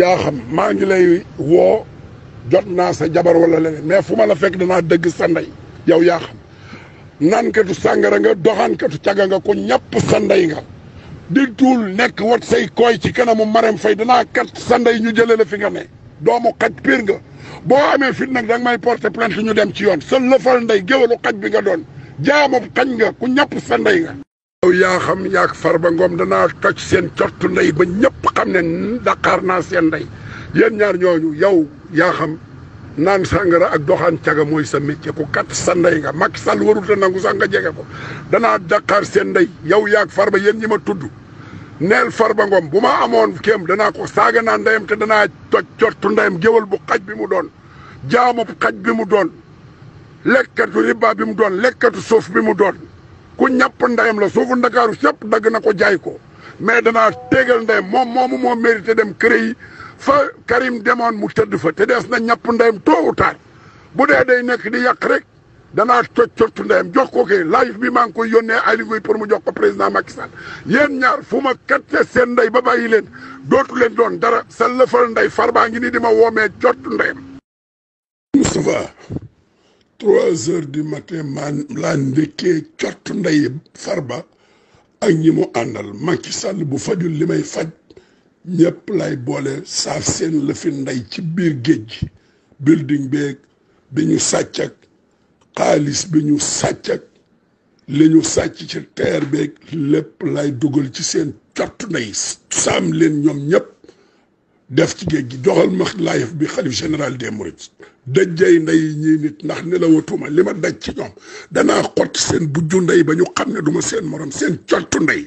yaa xam maa ngi lay woo jot naa sa jabar wala leneen mais fu ma la fekk danaa dëgg sa ndey yow yaa xam naankatu sàngara nga doxaankatu caga nga ko ñàpp sa ndey nga di tuul nekk wat say koy ci kanamu Marème Faye danaa kat sa ndey ñu jëlee la fi nga ne doomu xaj piir nga boo amee fit nag danga may porter plainte ñu dem ci yoon sa lëfal ndey géwalu xaj bi nga doon jaamu xaj nga ku ñàpp sa ndey nga yow yaa xam far ba ngoom danaa toj seen cortu ndey ba ñëpp xam ne Dakar naa seen ndey yéen ñaar ñooñu yow yaa xam naan sàngara ak doxaan caga mooy sa métier ku kat sa ndey nga Macky Sall warut a nangu sax nga jege ko danaa Dakar seen ndey yow yaak far ba yéen ñi ma tudd neel ba ngoom bu ma amoon kéem danaa ko saaga naa ndeyam te danaa toj cottu ndeyam géwal bu xaj bi mu doon jaamu xaj bi mu doon lekkatu riba bi mu doon lekkatu suuf bi mu doon ku ñàpp ndayam la suufu ndakaaru sëpp dagg na ko jaay ko mais danaa tegal ndayam moom moomu moo mérité dem kër yi fa Karim demoon mu tëdd fa te dees na ñàpp ndayam tôt ou bu dee day nekk di yàq rek danaa cot cottu ndeyam jox ko kay live bi maa ngi koy yónnee Aliou Ngoye pour mu jox ko président Macky Sall yéen ñaar fu ma katte seen ndey ba bàyyi leen dootu leen doon dara sa lëfal ndey baa ngi nii di ma woomee cottu ndeyam trois di du matin maan laa ndekkee cott ndey farba ak ñi mu àndal ci sàll bu fajul li may faj ñëpp lay boole saaf seen lëfi ndey ci biir géej gi building beeg bi ñu sàcc ak xaalis bi ñu sàcc ak li ñu sàcc ci teer beeg lépp lay dugal ci seen cott ndey saam leen ñoom ñëpp def ci géej gi doxal ma live bi xalif général de mourides dajjay ndey ñii nit ndax ne li ma daj ci ñoom danaa xott seen bujju ndey ba ñu xam ne du ma seen morom seen cottu ndey